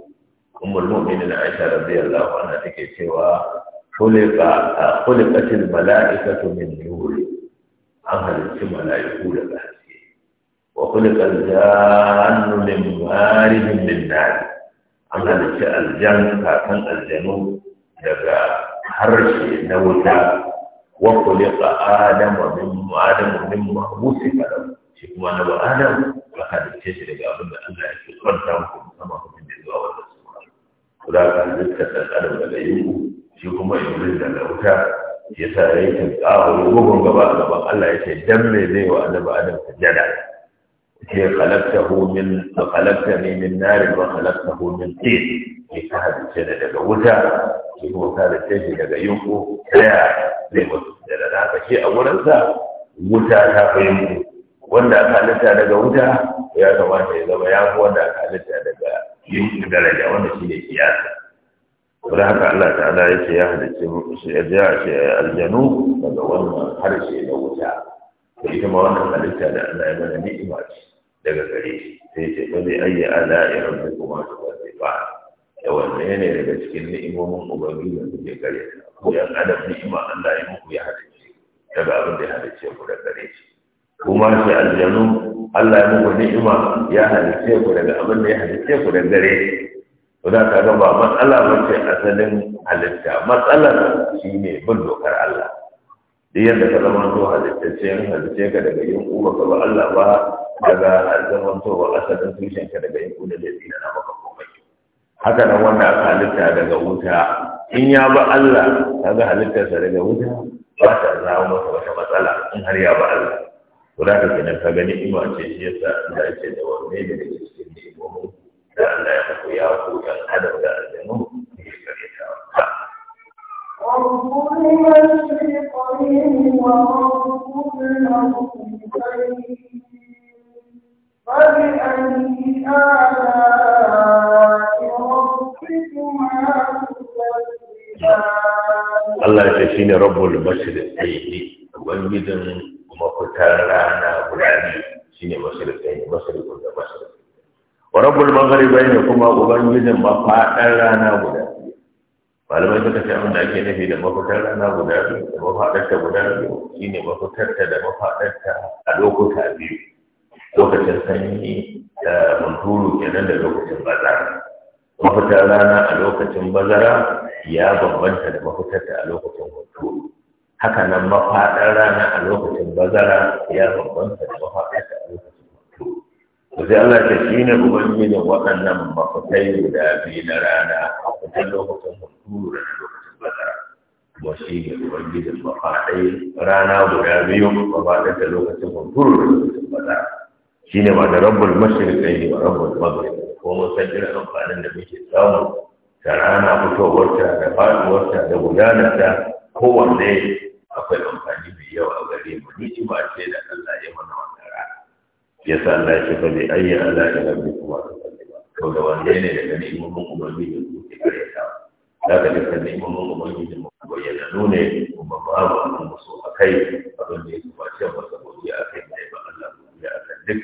ummul mu'minin Aisha radiyallahu anha take cewa خلق خلقت malaikatu min nur an halicci mala'iku da haske wa kulika aljannu min marijin min nar an halicci aljan kakan aljanu daga harshe na wuta wa kulika adamu min adamu min mahbusi kalam shi kuma na adam ka halicce shi daga abin da Allah ya kwanta muku sama kuma da zuwa wannan sura. Kuda ka halitta ɗan adam daga yunku shi kuma iblis daga wuta ya sa ya tsawo kawo gugun gaba a gaban Allah ya ce dan me zai wa annabi adam sujada ce khalaqtahu min khalaqtani min nar wa khalaqtahu min tin ke ka hadice da daga wuta ke kuma ka da tashi daga yunko daya zai wasu sujada da ka ce a sa wuta ta fi mu wanda ka halitta daga wuta ya kamata ya zama ya fi wanda ka halitta daga yunku daraja wanda shi ne kiyasa da haka Allah ta'ala yake ya halicci shi ya ja shi aljanu daga wannan harshe da wuta to ita ma wannan halitta da Allah ya mana ni'ima ce daga gare shi sai ya ce fa bi ayyi ala'i rabbikuma tukazziba da wanne ne daga cikin ni'imomin ubangiji da suke gare Ko ya adam ni'ima Allah ya muku ya halicce daga abin da ya halicce ku da gare shi kuma shi aljanu Allah ya muku ni'ima ya halicce ku daga abin da ya halicce ku da gare shi Wadda ka ga ba matsala ba ce asalin halitta matsalar ne bin dokar Allah duk yadda ka zama to halittaccen halitta ka daga yin uba ka ba Allah ba daga zaman to asalin tushen ka daga yin uba da zai na maka komai haka nan wanda aka halitta daga wuta in ya ba Allah kaga halittarsa daga wuta ba ta zama masa wata matsala in har ya ba Allah Wadda ka gani ima ce shi yasa da ce da wanne da ke cikin ni'imomin da Allah ya tafi ya ku ɗan adam da aljanu ne gare ta ba. Allah ya shi ne rabbul mashirin ɗaiɗi, ubangijin mafitar rana guda biyu shi ne mashirin ɗaiɗi, mashirin da mashirin. wa rabbul magharibai ne kuma ubangijin mafaɗar rana guda biyu malamai suka ce abin da ake nufi da mafitar rana guda biyu da ta guda biyu shine ta da ta a lokuta biyu lokacin sanyi da munturu kenan da lokacin bazara mafitar rana a lokacin bazara ya bambanta da ta a lokacin hunturu haka nan mafaɗar rana a lokacin bazara ya bambanta da ta a lokacin sai Allah ta shi ne ubangijin waɗannan mafakai guda biyu na rana a kusan lokacin hunturu da lokacin bazara kuma shi ne ubangijin mafaɗai rana guda biyu mafaɗai da lokacin hunturu da lokacin bazara shi ne ma'ana rabbul mashriqai ne wa rabbul maghrib ko mun san irin amfanin da muke samu da rana fitowarta da faɗuwarta da gudanarta kowanne akwai amfani mai yawa a gare mu ni ce da Allah ya mana ya sa Allah ya ce fa bi ayyi ala ila bi kuma Kau da wanda ne daga ni'imomin ubangiji ku ke karanta daga dukkan ni'imomin ubangiji mu bayyana nune kuma babu musu akai abin da ya kubace ba saboda ya kai mai ba Allah ku ya akan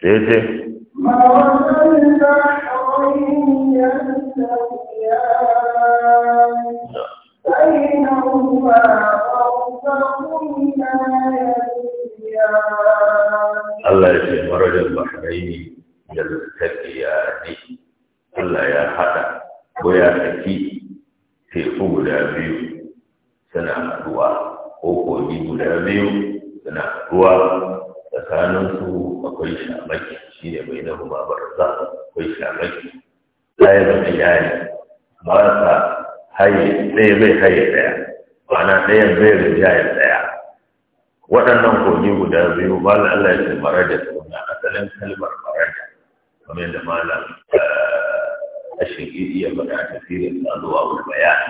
sai ma wannan da hawani ya tafiya بينهما Allah ya ce marajar bahraini da ya ne Allah ya haɗa ko ya haƙi teku guda biyu suna haɗuwa ko kogi guda biyu suna haɗuwa tsakaninsu akwai shamaki shi ne bai na kuma barza akwai shamaki ɗaya da yayi ba sa haye ɗaya bai haye ɗaya ma'ana ɗayan bai rinjaye ɗaya waɗannan kogi guda biyu mala Allah ya ce marada suna asalin kalmar marada kamar yadda mala eh, a shirki iya faɗa a tafiyar na zuwa wani bayani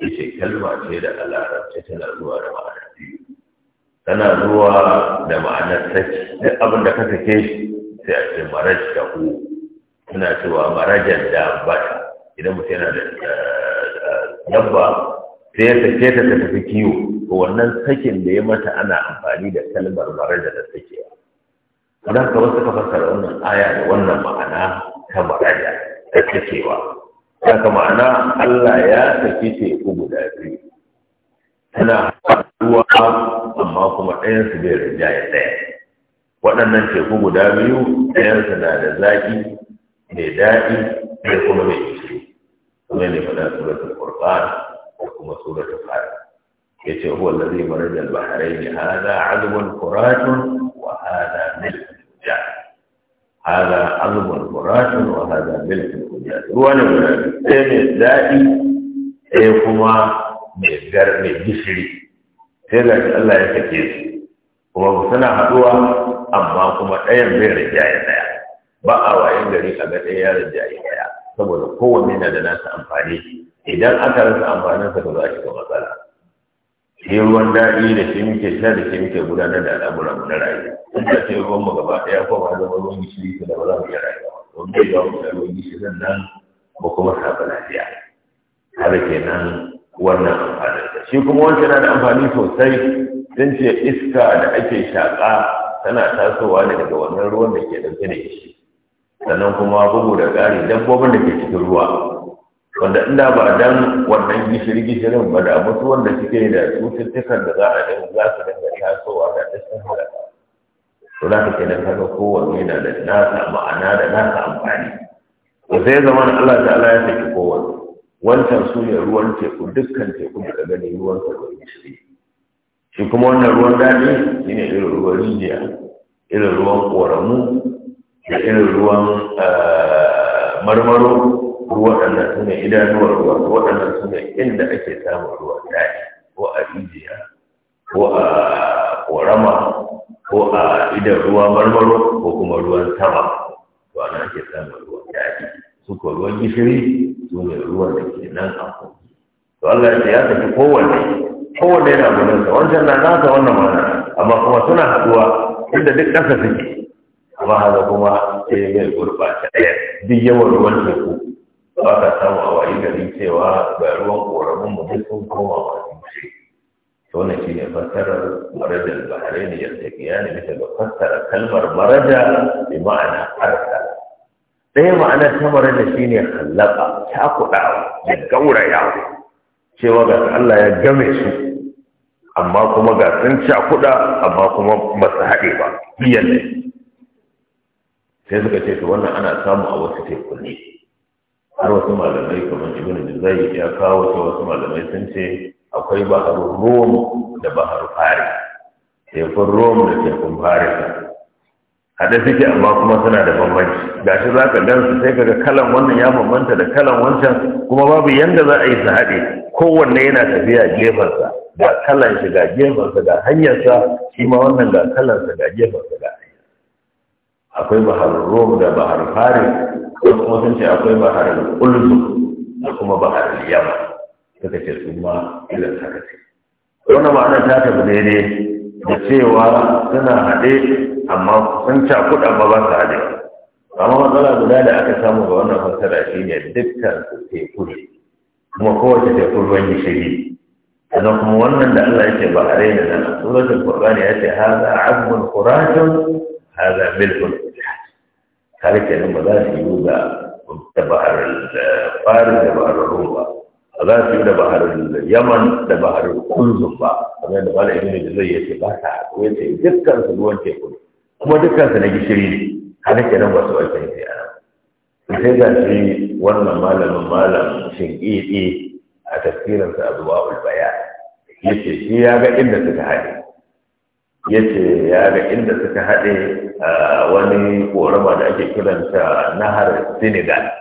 ya ce kalma ce da a larabci tana zuwa da ma'ana biyu tana zuwa da ma'anar saki duk abin da ka sake shi sai a ce maraj da ku suna cewa marajan da bata idan mutum yana da eh, eh, dabba sai ya sake ta ta tafi kiwo wannan sakin da ya mata ana amfani da kalmar maraja da sakewa kuma ka wasu ka fassara wannan aya da wannan ma'ana ta maraja da sakewa ka ma'ana Allah ya saki teku guda biyu tana haɗuwa amma kuma ɗayansu bai ya ɗaya waɗannan teku guda biyu su na da zaƙi mai daɗi sai kuma mai ishe kuma ne faɗa suratul qur'an ko kuma suratul fatiha yace huwa allazi marajal bahrayn hadha adwun furatun wa hadha milk jar hadha adwun furatun wa hadha milk jar ruwa ne sai ne dadi sai kuma me gar mai gishiri sai ga Allah ya sake su kuma suna haduwa amma kuma ɗayan bai rinjaye ɗaya ba a wayan gari a ga ɗaya ya rinjaye ɗaya saboda kowanne na da nasa amfani idan aka rasa amfaninsa ba za a shiga matsala shi ruwan daɗi da shi muke sha da shi muke gudanar da al'amuran mu na rayuwa in ka ce ruwan mu gaba ɗaya ko ba zama ruwan gishiri ko da ba za mu iya rayuwa ba wanda ya mu ruwan gishiri nan ko kuma saba lafiya har kenan wannan amfanin sa shi kuma wancan na da amfani sosai sun ce iska da ake shaƙa tana tasowa ne daga wannan ruwan da ke ɗauke da shi sannan kuma bugu da ƙari dabbobin da ke cikin ruwa wanda inda ba dan wannan gishiri gishirin ba da mutuwar da suke da cututtukan da za a dan za su dinga tasowa da cikin halaka to za ka kenan kaga kowanne na da nasa ma'ana da nasa amfani to sai zaman Allah ta'ala ya saki kowanne wancan su ne ruwan teku dukkan teku da ga gani ruwan sa da gishiri shi kuma wannan ruwan daɗi shine irin ruwan rijiya irin ruwan ƙoramu da irin ruwan eh, marmaro waɗannan su ne idanuwar ruwa waɗannan su ne inda ake samun ruwa daji ko a rijiya ko a ƙorama ko a idan ruwa marmaro ko kuma ruwan sama to ana ake samun ruwan daji su ko ruwan gishiri su ne ruwan da ke nan a kogi to Allah ya tafi kowanne kowanne yana sa wancan na nasa wannan mana amma kuma suna haɗuwa inda duk ƙasa suke amma haka kuma sai mai gurɓata ɗaya duk yawan ruwan teku ba ka samu a wayi gari cewa ga ruwan ƙoramin mu duk sun koma wasu ce to ne shi ne fassarar maradar baharai ne yadda ya ne bisa ga fassara kalmar maraja bi ma'ana arsa ɗaya ma'ana ta maraja shi ne hallaka cakuɗawa da gauraya cewa ga Allah ya game su amma kuma ga sun cakuɗa amma kuma ba su haɗe ba biyan ne sai suka ce to wannan ana samu a wasu teku har wasu malamai kamar ibn jizai ya kawo ta wasu malamai sun ce akwai baharun rom da bahar fari tekun rom da tekun farisa haɗe suke amma kuma suna da bambanci gashi za ka dan su sai kaga kalan wannan ya bambanta da kalan wancan kuma babu yanda za a yi su haɗe kowanne yana tafiya gefensa ga kalan shi ga gefensa ga hanyarsa shi ma wannan ga kalansa ga gefensa ga hanyarsa akwai bahar rom da bahar fari. ko kuma sun ce akwai baharar ulzu da kuma baharar yamma suka ce su ma haka ce wannan ma'ana ta tafi daidai da cewa suna haɗe amma sun kuɗa ba ba su haɗe amma matsala guda da aka samu ga wannan fassara shine dukkan teku ne kuma kowace teku ruwan gishiri sannan kuma wannan da Allah yake ba a raina nan suratul qur'ani yace a azmun quratun haza milkun kaga nan ba za su yi da da bahar farin da bahar roba ba za su yi da bahar yaman da bahar kunzum ba kamar da malam ibnu da zai yace ba ta ko yace dukkan su ruwan teku kuma dukkan su na gishiri ne kaga kenan ba su aikin sai ana sai ga shi wannan malamin malam shin ee a tafsirinsa zuwa ulbaya yace shi ya ga inda suka haɗe ya ce ya ga inda suka haɗe wani ƙorama da ake kiranta nahar senegal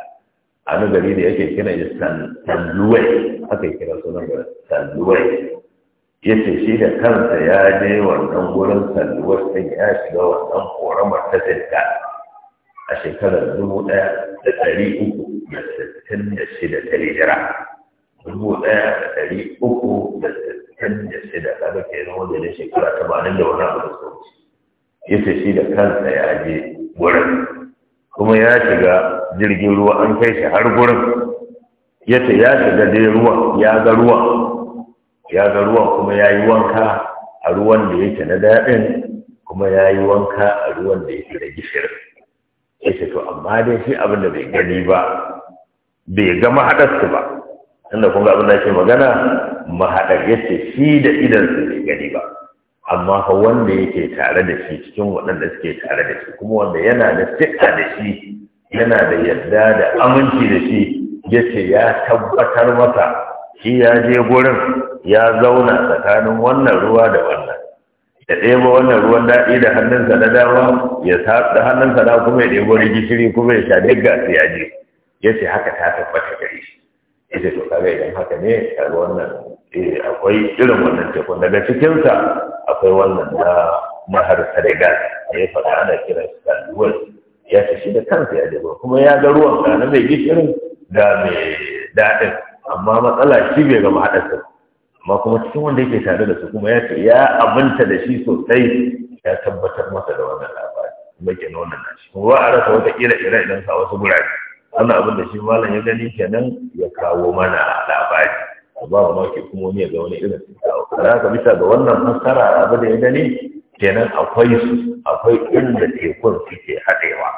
a wani gari da yake kiran sanluwai aka yi kira sunan da sanluwai ya ce shi da kansa ya je wannan wurin tanluwar ɗin ya shiga wannan ƙoramar ta senegal a shekarar dubu ɗaya da ɗari uku da sittin da shida ta hijira dubu ɗaya da ɗari uku da sittin da shida kaga kenan da ne shekara banin da wani abu da Ya yace shi da kansa ya je gurin kuma ya shiga jirgin ruwa an kai shi har gurin yace ya shiga dai ruwa ya ga ruwa ya ga ruwa kuma ya yi wanka a ruwan da yake na daɗin kuma ya yi wanka a ruwan da yake da Ya ce to amma dai shi abin da bai gani ba bai ga mahaɗarsu ba inda kun ga abin da ke magana mahaɗar yace shi da idansa ne gani ba amma fa wanda yake tare da shi cikin waɗanda suke tare da shi kuma wanda yana da siƙa da shi yana da yarda da aminci da shi yace ya tabbatar mata. shi ya je gurin ya zauna tsakanin wannan ruwa da wannan ya ɗebo wannan ruwan daɗi da hannunsa na dama ya da hannunsa na kuma ya ɗebo wani gishiri kuma ya sha duk gasu ya je ya ce haka ta tabbata gari. shi ya ce to kaga idan haka ne kaga wannan eh akwai irin wannan tekun daga cikinsa akwai wannan na mahar senegal a ya faɗa ana kira saluwar ya ce shi da kansa ya jaba kuma ya ga ruwan kana mai gishirin da mai daɗin amma matsala shi bai gama haɗa su amma kuma cikin wanda yake tare da su kuma ya ce ya aminta da shi sosai ya tabbatar masa da wannan labari kuma ke nuna na shi kuma a rasa wata ƙira ƙira idan sa wasu gurare wannan abin da shi malam ya gani kenan ya kawo mana labari ba wa maki kuma wani ya ga wani irin su kawo ka bisa ga wannan fassara abu da ya gani kenan akwai su akwai inda tekun suke haɗewa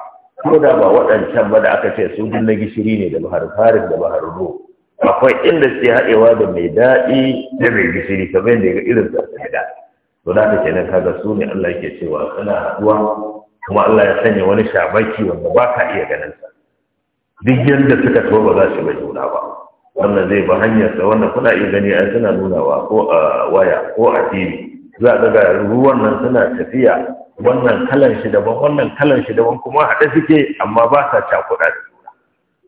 ko da ba waɗancan ba da aka ce su duk na gishiri ne da bahar farin da bahar ro akwai inda suke haɗewa da mai daɗi da mai gishiri kamar yadda ga irin su a tsada to da kenan kaga su ne Allah yake cewa kana haɗuwa kuma Allah ya sanya wani shabaki wanda ba ka iya ganin sa duk yadda suka so ba za su ba juna ba wannan zai ba hanyar da wannan kuna iya gani an suna nunawa ko a waya ko a tv za a ga ruwan nan suna tafiya wannan kalan shi daban wannan kalan shi daban kuma haɗe suke amma ba sa cakuɗa da juna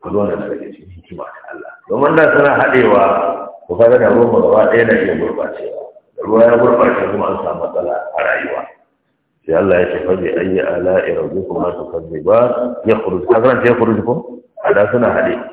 ku zo na daga cikin hikima ta Allah domin da suna haɗewa ku fara da ruwan gaba ɗaya na iya gurɓacewa ruwa ya gurɓace kuma an samu matsala a rayuwa sai Allah ya ce fa bi ayyi ala'i rabbikum ma ya yakhruj hazran yakhrujukum ada suna haɗe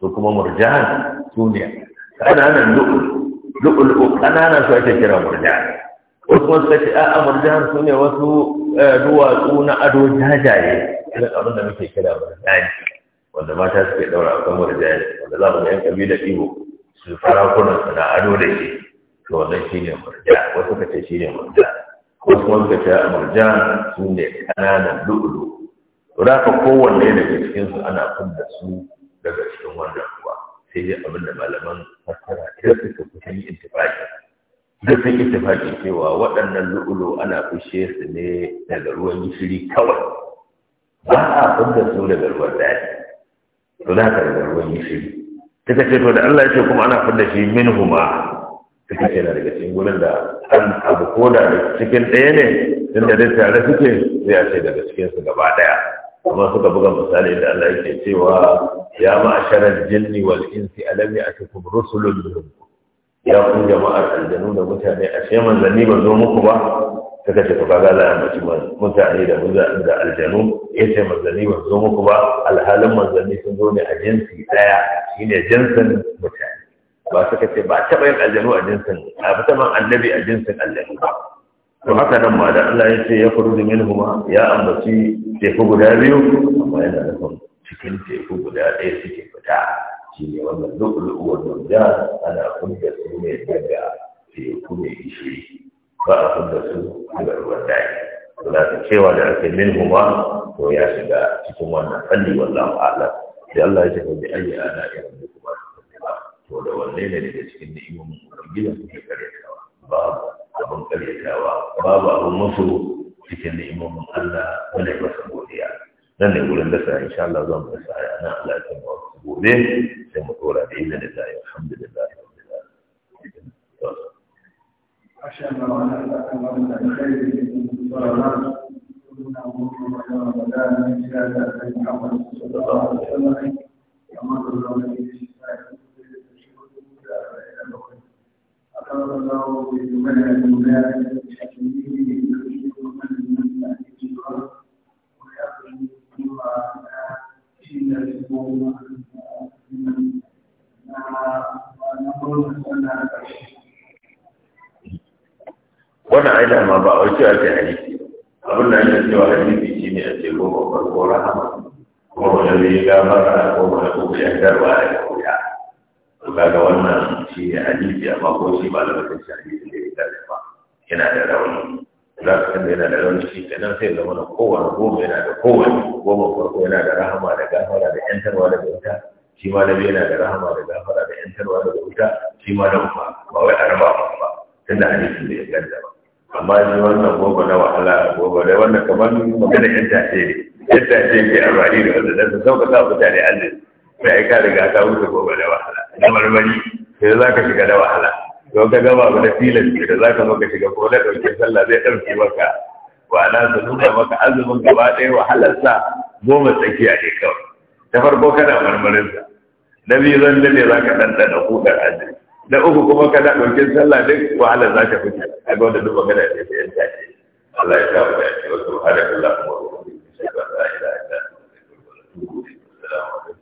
su kuma murjan su ne ƙananan lu'ulu ƙananan su ake kira murjan wasu wasu kace a'a murjan su ne wasu eh, duwatsu na ado jajaye irin abin da muke kira murjan wanda mata suke daura kan murjan wanda za mu ga yan da ibo su farakunan su na ado da shi to wannan ne murjan wasu kace ne murjan wasu kuma suka ce murjan su ne ƙananan lu'ulu to da ka kowanne daga cikinsu ana fudda su daga cikin wannan ruwa sai dai abin da malaman fassara ta suka kusan yi intifaki da sun intifaki cewa waɗannan lu'ulu ana fushe su ne daga ruwan gishiri kawai ba a fudda su daga ruwan daji to na ka daga ruwan gishiri suka ce to da Allah ya ce kuma ana fudda shi min huma suka ce na daga cikin gurin da an abu ko da cikin ɗaya ne tun da dai tare suke zai a ce daga cikinsu gaba ɗaya kuma suka buga misali da Allah yake cewa ya ma'asharar jinni wal insi alam ya'tikum rusulun minkum ya kun jama'ar aljanu da mutane a ce manzanni ba zo muku ba suka ce ba ga za a mutane da da aljanu ya ce manzanni ba zo muku ba alhalin manzanni sun zo ne a jinsi daya shine jinsin mutane ba suka ce ba taɓa yin aljanu a jinsin a fitaman annabi a jinsin aljanu ba to haka nan ma da Allah ya ce ya faru min huma ya ambaci teku guda biyu amma yana da nufin cikin teku guda ɗaya suke fita shi ne wannan lu'ulu'u wa ana kunda su ne daga teku mai ishe ba a kunda su daga ruwan daji to da cewa da ake minhuma to ya shiga cikin wannan fanni wallahu a'lam sai Allah ya ce ba bi ayi ana irin da kuma to da wanne ne daga cikin ni'imomin ubangiji kuke karyatawa babu abin karyatawa babu abin musu cikin ni'imomin Allah wanda ya masa godiya nan ne wurin dasa insha Allah zan bar sa ya nan Allah ya mu gobe sai mu dora da inna da zai alhamdulillah rabbil alamin أشهد أن لا إله إلا الله خير من الصلاة كنا مؤمنين رمضان من شهادة محمد صلى الله عليه وسلم كما قال النبي صلى الله عليه وسلم على wannan ai dama ba a wace ake hadisi abin da ake cewa hadisi shi ne a ce goma farko rahama ko wani zai gabara ko wani kuma yankarwa da koya to wannan shi ne hadisi amma ko shi ba lamarin shi hadisi da ya dace ba yana da rauni za ka san yana da rauni shi kenan sai zama na kowane goma yana da kowane goma farko yana da rahama da gafara da yantarwa da wuta shi ma na biyu yana da rahama da gafara da yantarwa da wuta shi ma na uku ba wai a raba ba ba tunda hadisin da ya ganda ba amma shi wannan goma na wahala goma da wannan kamar magana yan tashe ne yan tashe ke amfani da wanda dan su sauƙaƙa mutane allah sai ai ka riga ka wuce goma da wahala na marmari sai za ka shiga da wahala don ka gama ba da ke da za ka zo ka shiga ko da ɗauke sallah zai ɗauke maka na su nuna maka azumin gaba ɗaya sa goma tsakiya ne kawai ta farko kana marmarin sa na biyu zan ne za ka ɗanɗana kuɗar azumi na uku kuma ka na ɗauke sallah duk wahalar za ta fita a ga wanda duk magana da sai yanka ce Allah ya sa ce wasu wahalar Allah kuma